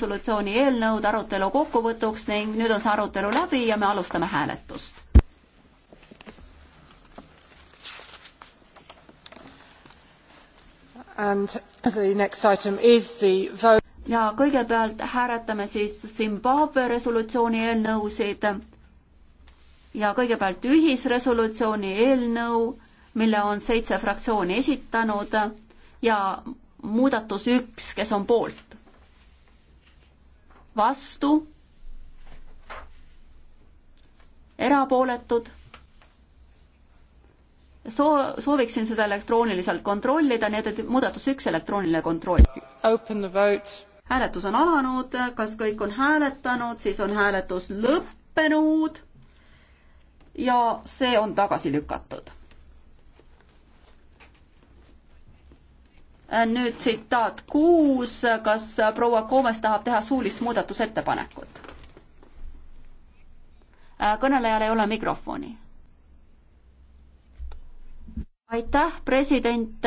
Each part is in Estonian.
resolutsiooni eelnõud arutelu kokkuvõtuks ning nüüd on see arutelu läbi ja me alustame hääletust. ja kõigepealt hääletame siis Zimbabwe resolutsiooni eelnõusid ja kõigepealt ühisresolutsiooni eelnõu, mille on seitse fraktsiooni esitanud ja muudatus üks, kes on poolt vastu, erapooletud. Soo-, sooviksin seda elektrooniliselt kontrollida, nii et, et muudatus üks, elektrooniline kontroll. hääletus on alanud, kas kõik on hääletanud, siis on hääletus lõppenud ja see on tagasi lükatud nüüd tsitaat kuus, kas proua Koomes tahab teha suulist muudatusettepanekut? kõnelejal ei ole mikrofoni. aitäh, president.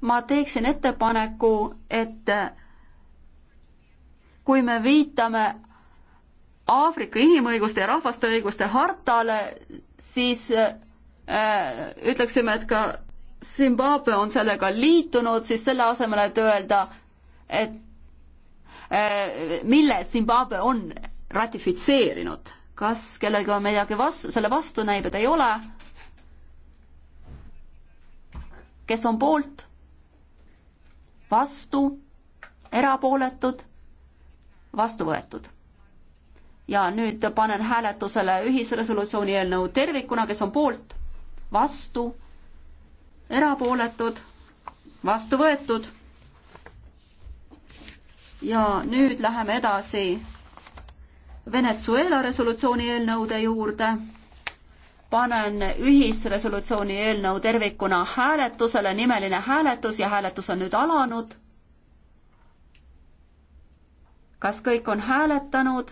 ma teeksin ettepaneku, et kui me viitame Aafrika inimõiguste ja rahvaste õiguste hartale, siis äh, ütleksime, et ka Zimbabwe on sellega liitunud, siis selle asemel, et öelda, et eh, mille Zimbabwe on ratifitseerinud, kas kellelgi on midagi vastu, selle vastu näib, et ei ole. kes on poolt? vastu, erapooletud, vastu võetud. ja nüüd panen hääletusele ühisresolutsiooni eelnõu tervikuna, kes on poolt, vastu erapooletud, vastu võetud. ja nüüd läheme edasi Venezuela resolutsiooni eelnõude juurde. panen ühisresolutsiooni eelnõu tervikuna hääletusele, nimeline hääletus ja hääletus on nüüd alanud. kas kõik on hääletanud?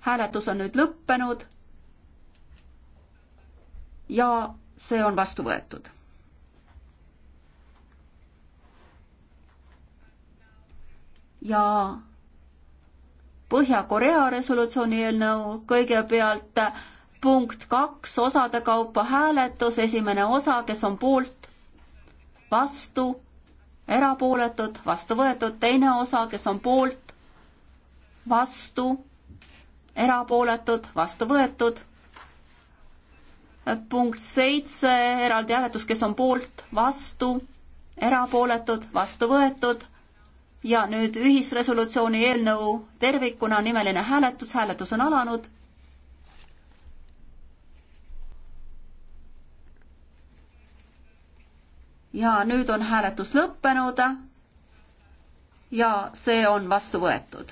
hääletus on nüüd lõppenud. ja see on vastu võetud. ja Põhja-Korea resolutsiooni eelnõu kõigepealt punkt kaks osade kaupa hääletus, esimene osa, kes on poolt, vastu, erapooletud, vastu võetud, teine osa, kes on poolt, vastu, erapooletud, vastu võetud. punkt seitse, eraldi hääletus, kes on poolt, vastu, erapooletud, vastu võetud ja nüüd ühisresolutsiooni eelnõu tervikuna nimeline hääletus, hääletus on alanud. ja nüüd on hääletus lõppenud ja see on vastu võetud.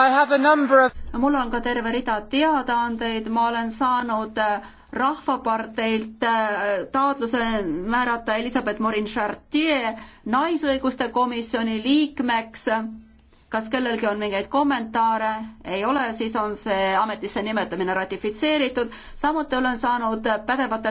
Of... mul on ka terve rida teadaandeid, ma olen saanud äh, Rahvaparteilt äh, taotluse määrata Elizabeth Morin-Chartier naisõiguste komisjoni liikmeks. kas kellelgi on mingeid kommentaare? ei ole, siis on see ametisse nimetamine ratifitseeritud. samuti olen saanud pädevatelt